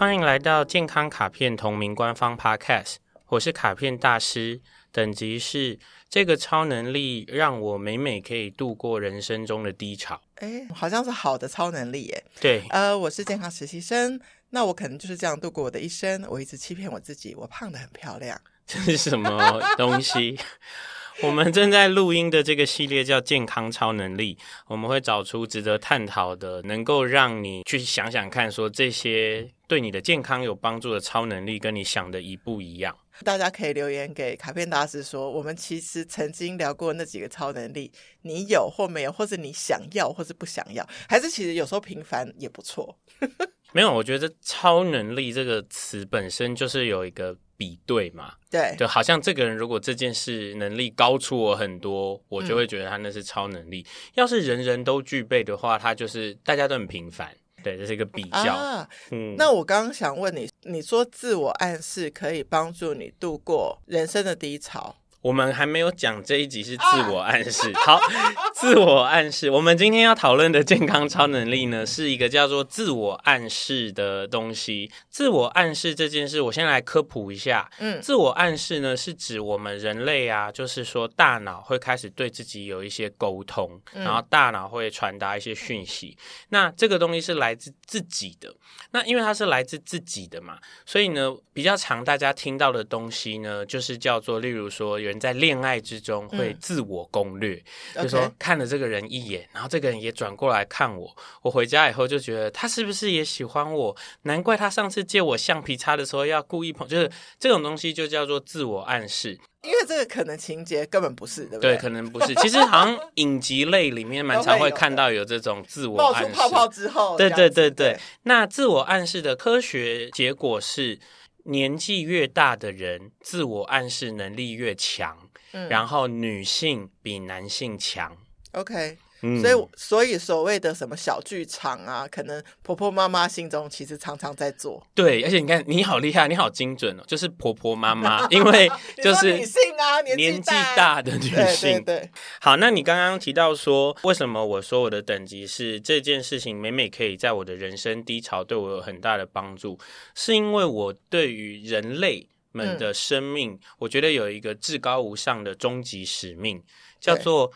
歡迎來到健康卡片同名官方 Podcast，我是卡片大師，等級是這個超能力讓我每每可以度過人生中的低潮。誒，好像是好的超能力耶。對，呃，我是健康實習生，那我可能就是這樣度過我的一生。我一直欺騙我自己，我胖得很漂亮，這是什麼東西？ 我們正在錄音的這個系列叫《健康超能力》，我們會找出值得探討的，能夠讓你去想想看，說這些對你的健康有幫助的超能力，跟你想的一不一樣？大家可以留言給卡片大師說，我們其實曾經聊過那幾個超能力，你有或沒有，或者你想要或是不想要，還是其實有時候平凡也不錯。 沒有，我覺得“超能力”這個詞本身就是有一個。比對嘛，對，就好像這個人如果這件事能力高出我很多，我就會覺得他那是超能力。要是人人都具備的話，他就是大家都很平凡。對，這是一個比較，啊。嗯，那我剛剛想問你，你說自我暗示可以幫助你度過人生的低潮。我們還沒有講這一集是自我暗示，好，自我暗示。我們今天要討論的健康超能力呢，是一個叫做自我暗示的東西。自我暗示這件事，我先來科普一下。嗯，自我暗示呢，是指我們人類啊，就是說大腦會開始對自己有一些溝通，然後大腦會傳達一些訊息。嗯，那這個東西是來自自己的。那因為它是來自自己的嘛，所以呢，比較常大家聽到的東西呢，就是叫做，例如說有。人在戀愛之中會自我攻略，就是說看了這個人一眼，然後這個人也轉過來看我。我回家以後就覺得他是不是也喜歡我？難怪他上次借我橡皮擦的時候要故意碰，就是這種東西就叫做自我暗示。因為這個可能情節根本不是的，對，可能不是。其實好像影集類裡面蠻常會看到有這種自我暗示。冒出泡泡之後，對對對對。那自我暗示的科學結果是。年紀越大的人，自我暗示能力越強，嗯，然後女性比男性強。Okay。嗯、所以，所以所謂的什麼小劇場啊，可能婆婆媽媽心中其實常常在做。對，而且你看，你好厲害，你好精準哦，就是婆婆媽媽， 因為就是女性啊，年紀大的女性。對、 啊、對。對對，好，那你剛剛提到說，為什麼我說我的等級是這件事情，每每可以在我的人生低潮對我有很大的幫助，是因為我對於人類們的生命，嗯、我覺得有一個至高無上的終極使命，叫做。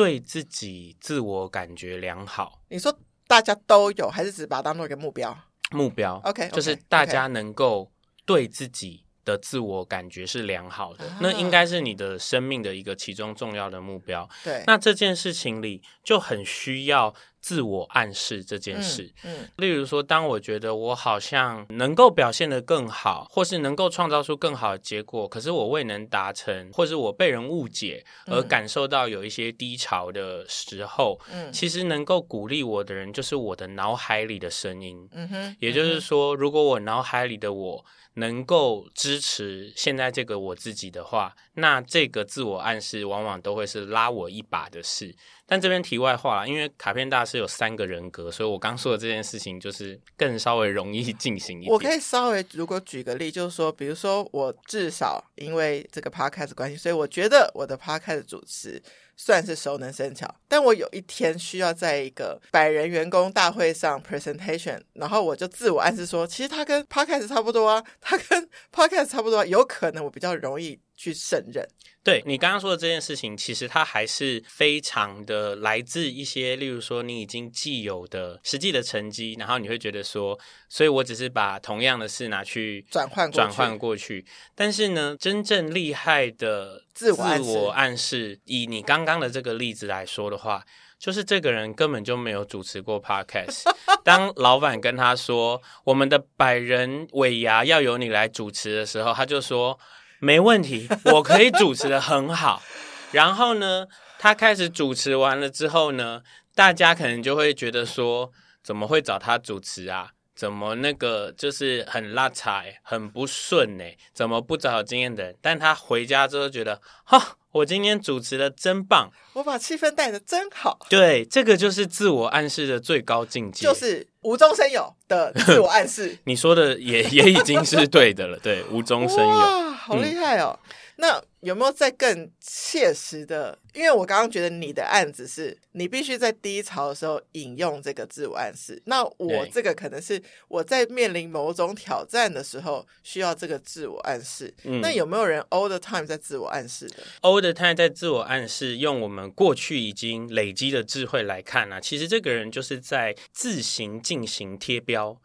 對自己自我感覺良好，你說大家都有，還是只把它當作一個目標？目標，OK，okay, okay. 就是大家能夠對自己的自我感覺是良好的，啊、那應該是你的生命的一個其中重要的目標。對，那這件事情裡就很需要。自我暗示這件事，嗯嗯、例如說，當我覺得我好像能夠表現得更好，或是能夠創造出更好的結果，可是我未能達成，或者我被人誤解而感受到有一些低潮的時候，嗯、其實能夠鼓勵我的人就是我的腦海裡的聲音，嗯哼嗯哼、也就是說，如果我腦海裡的我能夠支持現在這個我自己的話，那這個自我暗示往往都會是拉我一把的事。但這邊題外話了，因為卡片大師有三個人格，所以我剛說的這件事情就是更稍微容易進行一點。我可以稍微如果舉個例，就是說，比如說我至少因為這個 podcast 關係，所以我覺得我的 podcast 主持算是熟能生巧。但我有一天需要在一個百人員工大會上 presentation，然後我就自我暗示說，其實他跟 podcast 差不多啊，他跟 podcast 差不多啊，有可能我比較容易。去勝任。對，你剛剛說的這件事情，其實它還是非常的來自一些，例如說你已經既有的實際的成績，然後你會覺得說，所以我只是把同樣的事拿去轉換，轉換過去。但是呢，真正厲害的自我暗示，暗示以你剛剛的這個例子來說的話，就是這個人根本就沒有主持過 podcast。 當老闆跟他說，我們的百人尾牙要由你來主持的時候，他就說。沒問題，我可以主持得很好。 然後呢，他開始主持完了之後呢，大家可能就會覺得說，怎麼會找他主持啊？怎麼那個就是很拉踩，很不順呢？怎麼不找好經驗的人？但他回家之後覺得，哈，我今天主持的真棒，我把氣氛帶的真好。對，這個就是自我暗示的最高境界，就是無中生有的自我暗示。 你說的也也已經是對的了， 對，無中生有，哇，好厲害哦。嗯、那。有沒有在更切實的？因為我剛剛覺得你的案子是你必須在低潮的時候引用這個自我暗示。那我這個可能是我在面臨某種挑戰的時候需要這個自我暗示。對那有沒有人 all the time 在自我暗示的？嗯，all the time 在自我暗示，用我們過去已經累積的智慧來看呢、啊？其實這個人就是在自行進行貼標。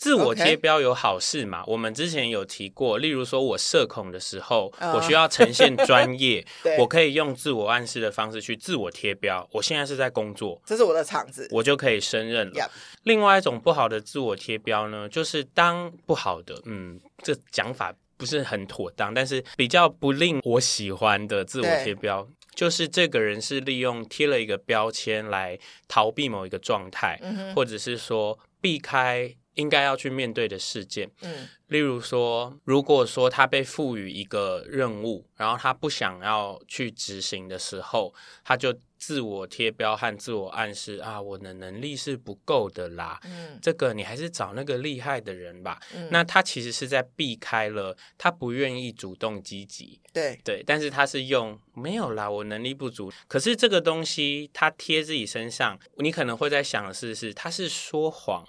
自我貼標有好事嘛？Okay. 我們之前有提過，例如說我社恐的時候，oh. 我需要呈現專業， 對我可以用自我暗示的方式去自我貼標。我現在是在工作，這是我的場子，我就可以勝任了。Yep. 另外一種不好的自我貼標呢，就是當不好的，嗯，這講法不是很妥當，但是比較不令我喜歡的自我貼標，對就是這個人是利用貼了一個標籤來逃避某一個狀態，嗯、哼或者是說避開。應該要去面對的事件，嗯，例如說，如果說他被賦予一個任務，然後他不想要去執行的時候，他就自我貼標和自我暗示啊，我的能力是不夠的啦，嗯，這個你還是找那個厲害的人吧。嗯，那他其實是在避開了，他不願意主動積極，對對，但是他是用沒有啦，我能力不足。可是這個東西他貼自己身上，你可能會在想的是，是他是說謊。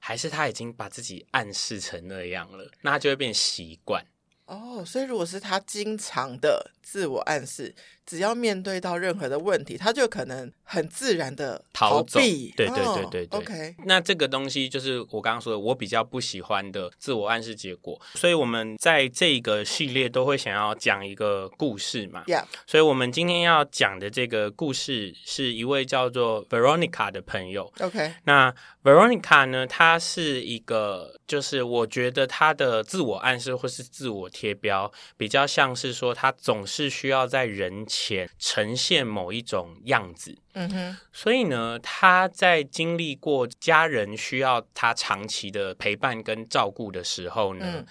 還是他已經把自己暗示成那樣了，那他就會變習慣。哦，所以如果是他經常的自我暗示，只要面對到任何的問題，他就可能很自然的逃避。逃走，對對對對對。Oh，OK。那這個東西就是我剛剛說的，我比較不喜歡的自我暗示結果。所以，我們在這個系列都會想要講一個故事嘛。Yeah. 所以我們今天要講的這個故事是一位叫做 Veronica 的朋友。OK。那 Veronica 呢，他是一個，就是我覺得他的自我暗示或是自我貼標，比較像是說他總是需要在人前。呈現某一種樣子，嗯哼，所以呢，他在經歷過家人需要他長期的陪伴跟照顧的時候呢，嗯、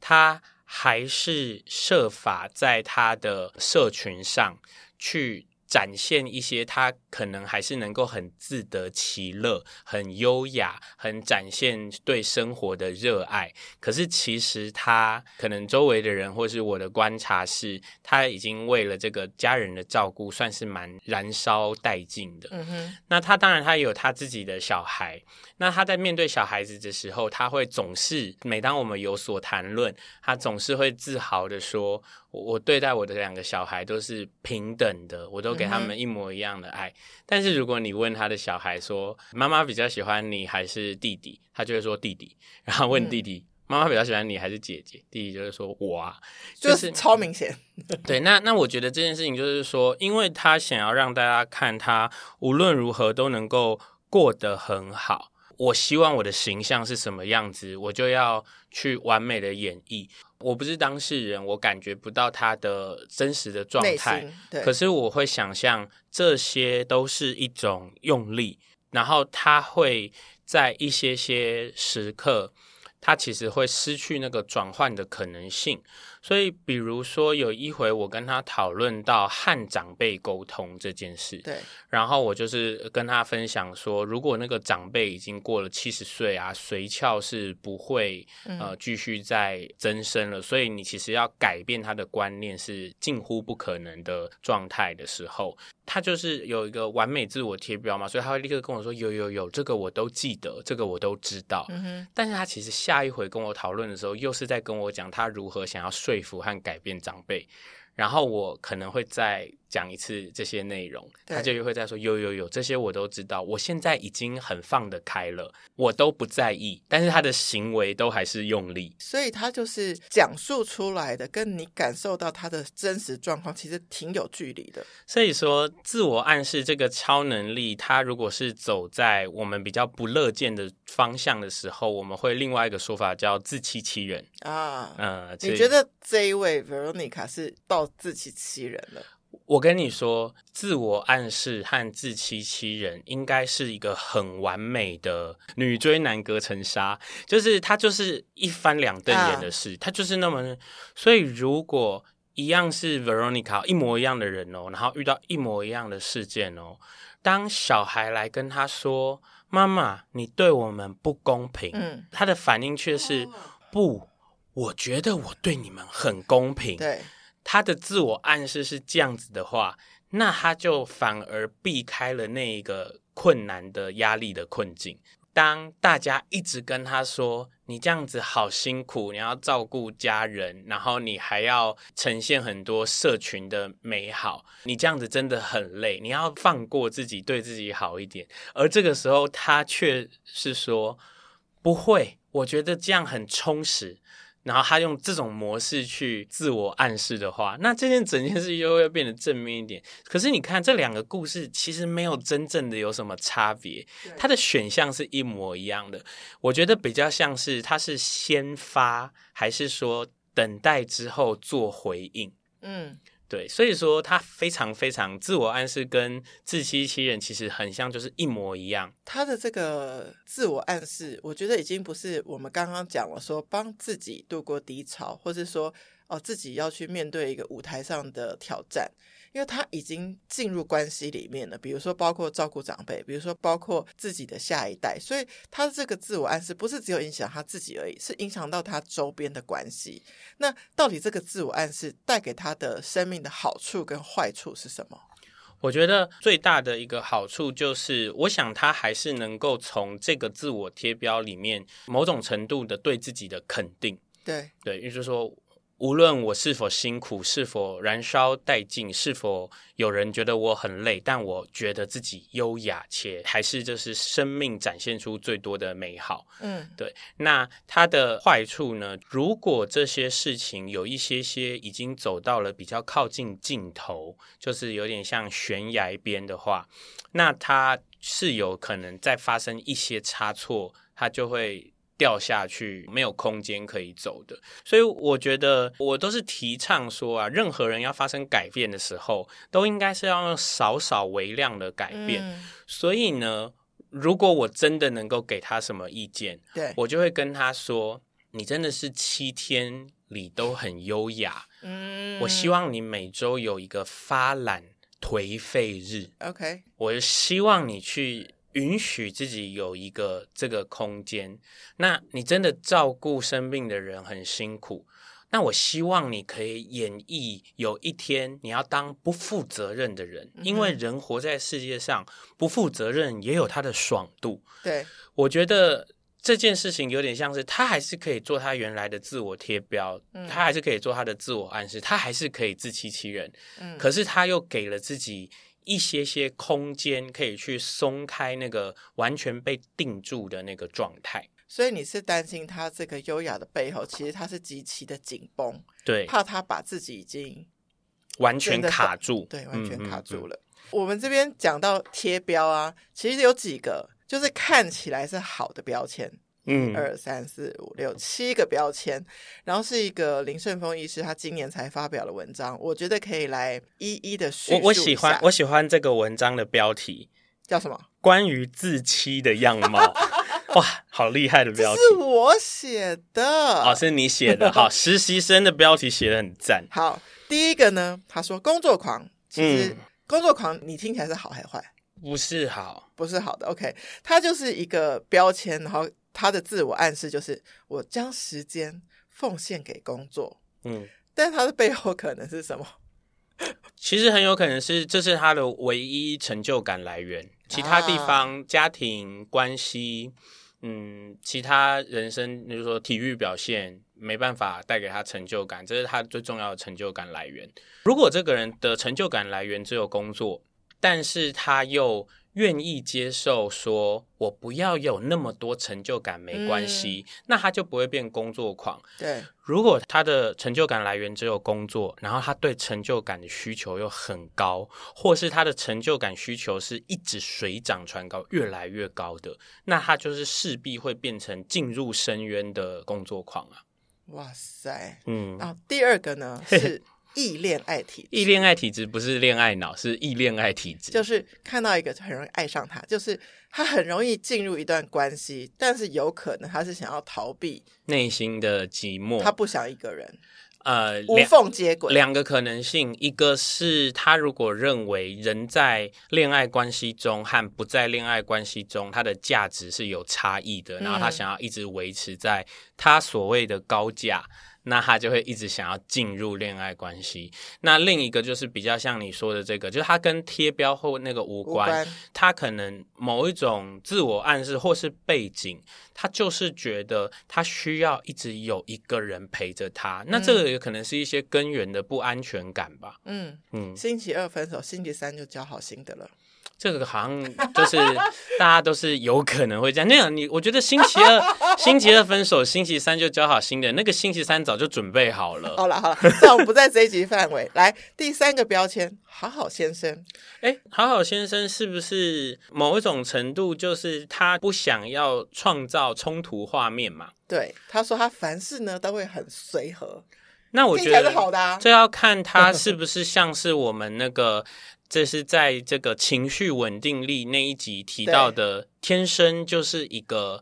他還是設法在他的社群上去展現一些他。可能還是能夠很自得其樂，很優雅，很展現對生活的熱愛。可是其實他可能周圍的人，或是我的觀察是，他已經為了這個家人的照顧，算是蠻燃燒殆盡的。嗯哼。那他當然他也有他自己的小孩。那他在面對小孩子的時候，他會總是每當我們有所談論，他總是會自豪地說：“我對待我的兩個小孩都是平等的，我都給他們一模一樣的愛。”嗯哼。但是如果你問他的小孩說，媽媽比較喜歡你還是弟弟？他就會說弟弟。然後問弟弟、嗯、媽媽比較喜歡你還是姐姐？弟弟就會說我啊，哇就是，就是超明顯。 對，那那我覺得這件事情就是說，因為他想要讓大家看他無論如何都能夠過得很好。我希望我的形象是什麼樣子，我就要去完美的演繹。我不是當事人，我感覺不到他的真實的狀態。對，可是我會想象，這些都是一種用力，然後他會在一些些時刻，他其實會失去那個轉換的可能性。所以，比如說有一回我跟他討論到和長輩溝通這件事，對，然後我就是跟他分享說，如果那個長輩已經過了七十歲啊，髓鞘是不會呃繼續在增生了，嗯、所以你其實要改變他的觀念是近乎不可能的狀態的時候，他就是有一個完美自我貼標嘛，所以他會立刻跟我說有有有，這個我都記得，這個我都知道。嗯哼，但是他其實下一回跟我討論的時候，又是在跟我講他如何想要睡。對付和改變長輩，然後我可能會在，講一次這些內容，對他就又會再說，有有有這些我都知道，我現在已經很放得開了，我都不在意，但是他的行為都還是用力，所以他就是講述出來的，跟你感受到他的真實狀況其實挺有距離的。所以說，自我暗示這個超能力，他如果是走在我們比較不樂見的方向的時候，我們會另外一個說法叫自欺欺人啊。嗯，你覺得這一位 Veronica 是到自欺欺人了？我跟你說，自我暗示和自欺欺人應該是一個很完美的女追男隔層紗，就是他就是一翻兩瞪眼的事，他、啊、就是那麼。所以如果一樣是 Veronica 一模一樣的人哦，然後遇到一模一樣的事件哦，當小孩來跟他說：“媽媽，你對我們不公平。”嗯，他的反應卻是：“媽媽不，我覺得我對你們很公平。”對。他的自我暗示是這樣子的話，那他就反而避開了那一個困難的壓力的困境。當大家一直跟他說：“你這樣子好辛苦，你要照顧家人，然後你還要呈現很多社群的美好，你這樣子真的很累，你要放過自己，對自己好一點。”而這個時候，他卻是說：“不會，我覺得這樣很充實。”然後他用這種模式去自我暗示的話，那這件整件事就會變得正面一點。可是你看這兩個故事，其實沒有真正的有什麼差別，對它的選項是一模一樣的。我覺得比較像是他是先發，還是說等待之後做回應？嗯。對，所以說他非常非常自我暗示跟自欺欺人，其實很像，就是一模一樣。他的這個自我暗示，我覺得已經不是我們剛剛講了，說幫自己度過低潮，或是說哦，自己要去面對一個舞台上的挑戰。因為他已經進入關係裡面了，比如說包括照顧長輩，比如說包括自己的下一代，所以他這個自我暗示不是只有影響他自己而已，是影響到他周邊的關係。那到底這個自我暗示帶給他的生命的好處跟壞處是什麼？我覺得最大的一個好處就是，我想他還是能夠從這個自我貼標裡面某種程度的對自己的肯定。對對，也就是說。無論我是否辛苦，是否燃燒殆盡，是否有人覺得我很累，但我覺得自己優雅，且還是就是生命展現出最多的美好。嗯，對。那它的壞處呢？如果這些事情有一些些已經走到了比較靠近盡頭，就是有點像懸崖邊的話，那它是有可能再發生一些差錯，它就會。掉下去沒有空間可以走的，所以我覺得我都是提倡說啊，任何人要發生改變的時候，都應該是要用少少微量的改變。嗯、所以呢，如果我真的能夠給他什麼意見，對，我就會跟他說，你真的是七天裡都很優雅，嗯，我希望你每周有一個發懶頹廢日，OK，我希望你去。允許自己有一個這個空間，那你真的照顧生病的人很辛苦。那我希望你可以演繹有一天你要當不負責任的人，嗯哼，因為人活在世界上，不負責任也有他的爽度。對，我覺得這件事情有點像是他還是可以做他原來的自我貼標，嗯、他還是可以做他的自我暗示，他還是可以自欺欺人。嗯、可是他又給了自己。一些些空間可以去鬆開那個完全被定住的那個狀態，所以你是擔心他這個優雅的背後，其實他是極其的緊繃，對，怕他把自己已經完全卡住，對，完全卡住了。嗯嗯嗯。我們這邊講到貼標啊，其實有幾個就是看起來是好的標籤。嗯，二三四五六七個標籤，然後是一個林順峰醫師，他今年才發表的文章，我覺得可以來一一的敘述一下。我，我喜歡我喜歡這個文章的標題叫什麼？關於自欺的樣貌， 哇，好厲害的標題！是我寫的，哦，是你寫的，好， 實習生的標題寫得很讚。好，第一個呢，他說工作狂，其實工作狂，你聽起來是好還是壞？嗯？不是好，不是好的。OK，它就是一個標籤，然後。他的自我暗示就是我將時間奉獻給工作，嗯，但他的背後可能是什麼？ 其實很有可能是這是他的唯一成就感來源，其他地方家庭關係，嗯，其他人生，比如說體育表現，沒辦法帶給他成就感，這是他最重要的成就感來源。如果這個人的成就感來源只有工作，但是他又。願意接受，說我不要有那麼多成就感，沒關係，嗯、那他就不會變工作狂。對，如果他的成就感來源只有工作，然後他對成就感的需求又很高，或是他的成就感需求是一直水漲船高，越來越高的，那他就是勢必會變成進入深淵的工作狂啊！哇塞，嗯啊，第二個呢是。 易戀愛體質，易戀愛體質不是戀愛腦，是易戀愛體質。就是看到一個就很容易愛上他，就是他很容易進入一段關係，但是有可能他是想要逃避內心的寂寞，他不想一個人。呃，兩無縫接軌，兩個可能性，一個是他如果認為人在戀愛關係中和不在戀愛關係中，他的價值是有差異的，嗯、然後他想要一直維持在他所謂的高價。那他就會一直想要進入戀愛關係。那另一個就是比較像你說的這個，就是他跟貼標後那個無關，無關。他可能某一種自我暗示或是背景，他就是覺得他需要一直有一個人陪着他。那這個也可能是一些根源的不安全感吧。嗯嗯，嗯。星期二分手，星期三就交好新的了。這個好像就是大家都是有可能會這樣那樣你。你我覺得星期二星期二分手，星期三就交好新的。那個星期三早就準備好了。哦、啦，好了好了，但我不在這一集範圍。 來第三個標籤，好好先生。哎、欸，好好先生是不是某一種程度就是他不想要創造衝突畫面嘛？對，他說他凡事呢都會很隨和。那我覺得這要看他是不是像是我們那個。 這是在這個情緒穩定力那一集提到的，天生就是一個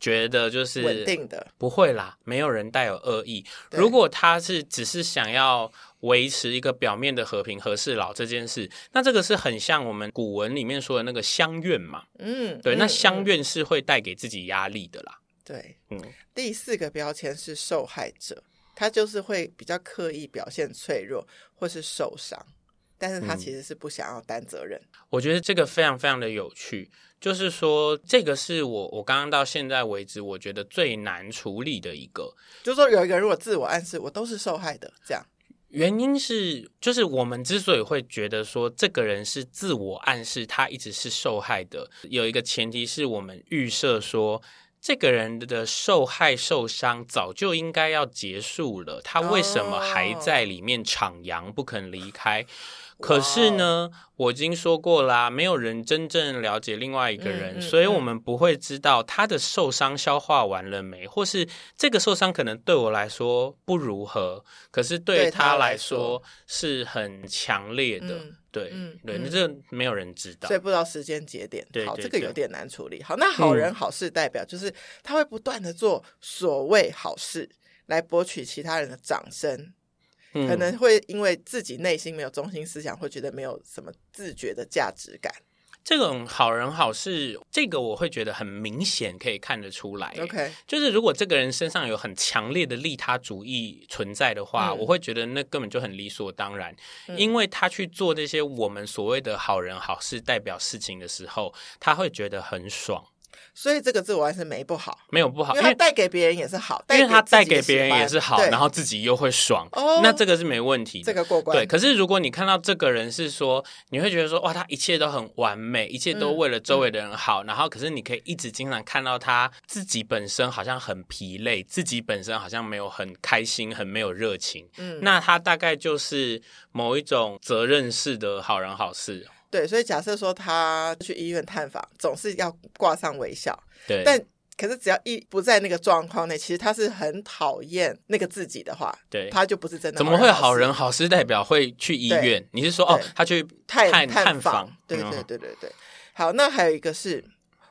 覺得就是穩定的，不會啦，沒有人帶有惡意。對如果他是只是想要維持一個表面的和平，和事佬這件事，那這個是很像我們古文裡面說的那個鄉愿嘛。嗯，對，嗯、那鄉愿是會帶給自己壓力的啦。對，嗯，第四個標籤是受害者，他就是會比較刻意表現脆弱或是受傷。但是他其實是不想要擔責任，嗯。我覺得這個非常非常的有趣，就是說這個是我我剛剛到現在為止我覺得最難處理的一個，就是說有一個如果自我暗示我都是受害的這樣。原因是就是我們之所以會覺得說這個人是自我暗示他一直是受害的，有一個前提是我們預設說這個人的受害受傷早就應該要結束了，他為什麼還在裡面徜徉，Oh，不肯離開？可是呢，Wow 我已經說過啦，沒有人真正了解另外一個人，嗯、所以我們不會知道他的受傷消化完了沒，嗯嗯、或是這個受傷可能對我來說不如何，可是對他來說是很強烈的。對，嗯、對，嗯、這沒有人知道，所以不知道時間節點。好對，對，對，對，這個有點難處理。好，那好人好事代表就是他會不斷地做所謂好事、嗯、來博取其他人的掌聲。可能會因為自己內心沒有中心思想，會覺得沒有什麼自覺的價值感。這種好人好事，這個我會覺得很明顯可以看得出來。OK，就是如果這個人身上有很強烈的利他主義存在的話，嗯、我會覺得那根本就很理所當然，嗯、因為他去做這些我們所謂的好人好事代表事情的時候，他會覺得很爽。所以這個自我暗示沒不好，沒有不好，因為，因為他帶給別人也是好，因為他帶給別人也是好，對然後自己又會爽，oh, 那這個是沒問題，這個過關。對，可是如果你看到這個人是說，你會覺得說，哇，他一切都很完美，一切都為了周圍的人好，嗯、然後可是你可以一直經常看到他自己本身好像很疲累，自己本身好像沒有很開心，很沒有熱情，嗯，那他大概就是某一種責任式的好人好事。對，所以假設說他去醫院探訪，總是要掛上微笑。對，但可是只要一不在那個狀況內，其實他是很討厭那個自己的話。對，他就不是真的好人好事。怎麼會好人好事代表會去醫院？對你是說對哦，他去探探訪，探訪？對對對對對。嗯、好，那還有一個是，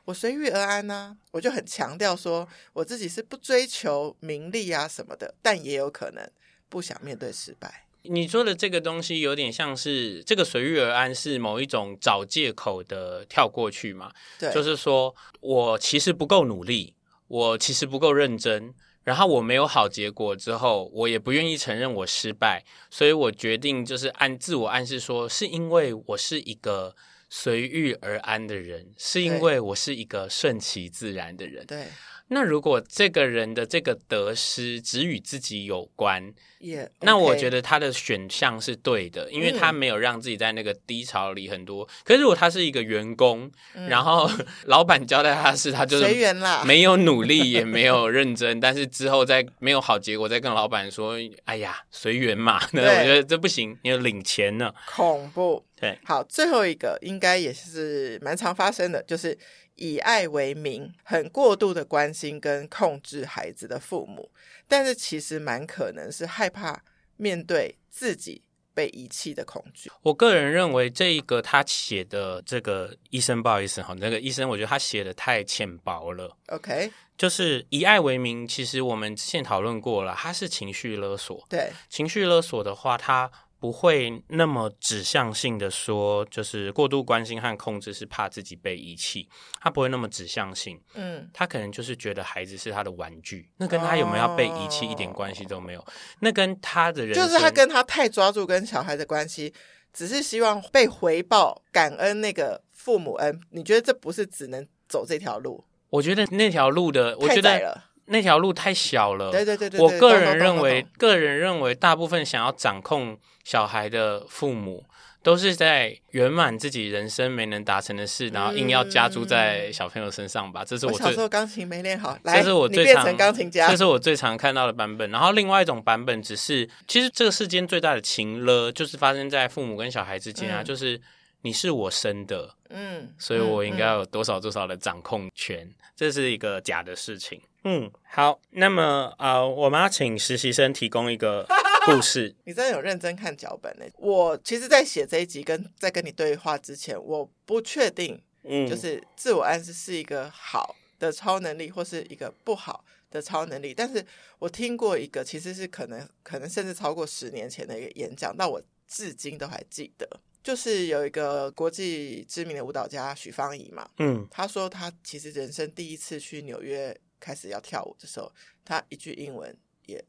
我隨遇而安呢、啊，我就很強調說，我自己是不追求名利啊什麼的，但也有可能不想面對失敗。你說的這個東西有點像是這個隨遇而安是某一種找借口的跳過去嘛？對，就是說我其實不夠努力，我其實不夠認真，然後我沒有好結果之後，我也不願意承認我失敗，所以我決定就是按自我暗示說，是因為我是一個隨遇而安的人，是因為我是一個順其自然的人，對。對那如果這個人的這個得失只與自己有關，yeah, okay. 那我覺得他的選項是對的，因為他沒有讓自己在那個低潮裡很多。嗯、可是如果他是一個員工，嗯、然後老板交代他的事，他就是隨緣啦，沒有努力也沒有認真，緣 但是之後再沒有好結果，再跟老板說：“哎呀，隨緣嘛。對”那我覺得這不行，你要領錢呢，恐怖。對，好，最後一個應該也是蠻常發生的，就是。以愛為名，很過度的關心跟控制孩子的父母，但是其實蠻可能是害怕面對自己被遺棄的恐懼。我個人認為，這一個他寫的這個醫生，不好意思哈，那個醫生，我覺得他寫得太淺薄了。OK，就是以愛為名，其實我們之前討論過了，他是情緒勒索。對，情緒勒索的話，他。不會那麼指向性的說，就是過度關心和控制是怕自己被遺棄，他不會那麼指向性，嗯，他可能就是覺得孩子是他的玩具，那跟他有沒有被遺棄一點關係都沒有，哦、那跟他的人就是他跟他太抓住跟小孩的關係，只是希望被回報感恩那個父母恩，你覺得這不是只能走這條路？我覺得那條路的我覺得。那條路太小了。對對對對對，我個人認為，動動動動，個人認為，大部分想要掌控小孩的父母，都是在圓滿自己人生沒能達成的事，嗯、然後硬要加注在小朋友身上吧。嗯、這是我，我小時候鋼琴沒練好，這是我最常，這是我最常看到的版本。然後另外一種版本，只是其實這個世間最大的情勒，就是發生在父母跟小孩之間啊，嗯、就是。你是我生的，嗯，所以我應該有多少多少的掌控權？嗯嗯、這是一個假的事情。嗯，好，那麼呃，uh, 我們要請實習生提供一個故事。 你真的有認真看腳本呢？我其實，在寫這一集跟在跟你對話之前，我不確定，嗯，就是自我暗示是一個好的超能力，或是一個不好的超能力。但是我聽過一個，其實是可能可能甚至超過十年前的一個演講，但我至今都還記得。就是有一個國際知名的舞蹈家許芳宜嘛，嗯，她說她其實人生第一次去紐約開始要跳舞的時候，她一句英文也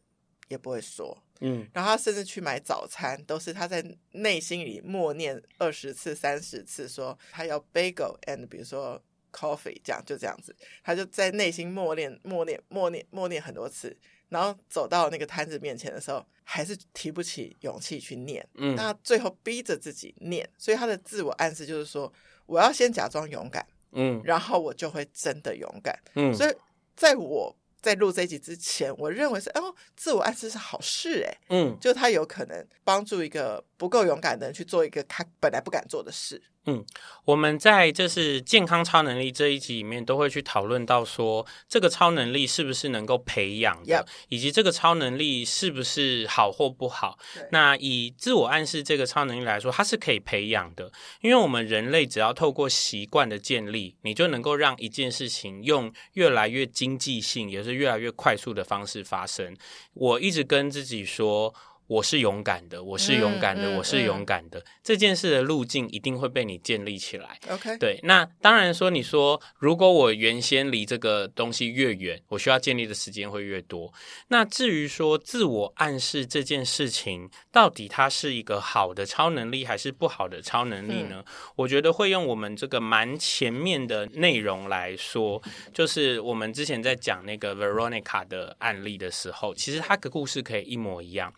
也不會說，嗯，然後她甚至去買早餐都是她在內心裡默念二十次三十次，說她要 bagel and 比如說 coffee 這樣就這樣子，她就在內心默念默念默念默念很多次。然後走到那個攤子面前的時候，還是提不起勇氣去念。嗯，那最後逼着自己念，所以他的自我暗示就是說，我要先假裝勇敢，嗯，然後我就會真的勇敢。嗯，所以在我在錄這集之前，我認為是哦，自我暗示是好事哎，嗯，就他有可能幫助一個不夠勇敢的人去做一個他本來不敢做的事。嗯，我們在就是健康超能力這一集裡面都會去討論到說，這個超能力是不是能夠培養的，Yep. 以及這個超能力是不是好或不好。Right. 那以自我暗示這個超能力來說，它是可以培養的，因為我們人類只要透過習慣的建立，你就能夠讓一件事情用越來越經濟性，也是越來越快速的方式發生。我一直跟自己說。我是勇敢的，我是勇敢的，嗯、我是勇敢的。嗯嗯、這件事的路徑一定會被你建立起來。OK，對。那當然說，你說如果我原先離這個東西越遠，我需要建立的時間會越多。那至於說自我暗示這件事情，到底它是一個好的超能力還是不好的超能力呢？嗯、我覺得會用我們這個蠻前面的內容來說，就是我們之前在講那個 Veronica 的案例的時候，其實他的故事可以一模一樣。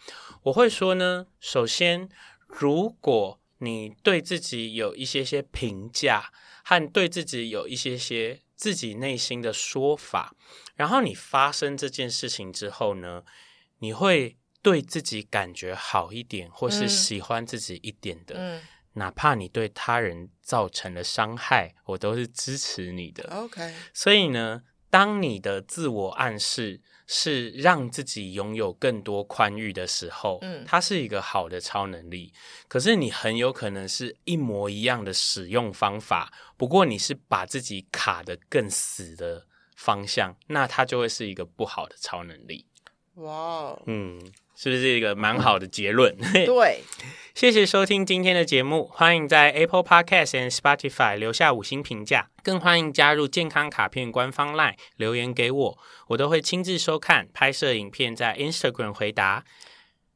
我會說呢，首先，如果你對自己有一些些評價，和對自己有一些些自己內心的說法，然後你發生這件事情之後呢，你會對自己感覺好一點，或是喜歡自己一點的，嗯，哪怕你對他人造成了傷害，我都是支持你的。OK，所以呢，當你的自我暗示。是讓自己擁有更多寬裕的時候，它是一個好的超能力。可是你很有可能是一模一樣的使用方法，不過你是把自己卡得更死的方向，那它就會是一個不好的超能力。哇哦，Wow. 嗯。是不是一個蠻好的結論？嗯、對， 謝謝收聽今天的節目，歡迎在 Apple Podcast 和 Spotify 留下五星評價，更歡迎加入健康卡片官方 LINE 留言給我，我都會親自收看拍攝影片，在 Instagram 回答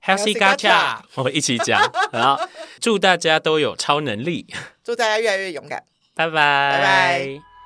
對 Healthy Card 我們一起講， 好，祝大家都有超能力，祝大家越來越勇敢，拜拜拜拜。Bye bye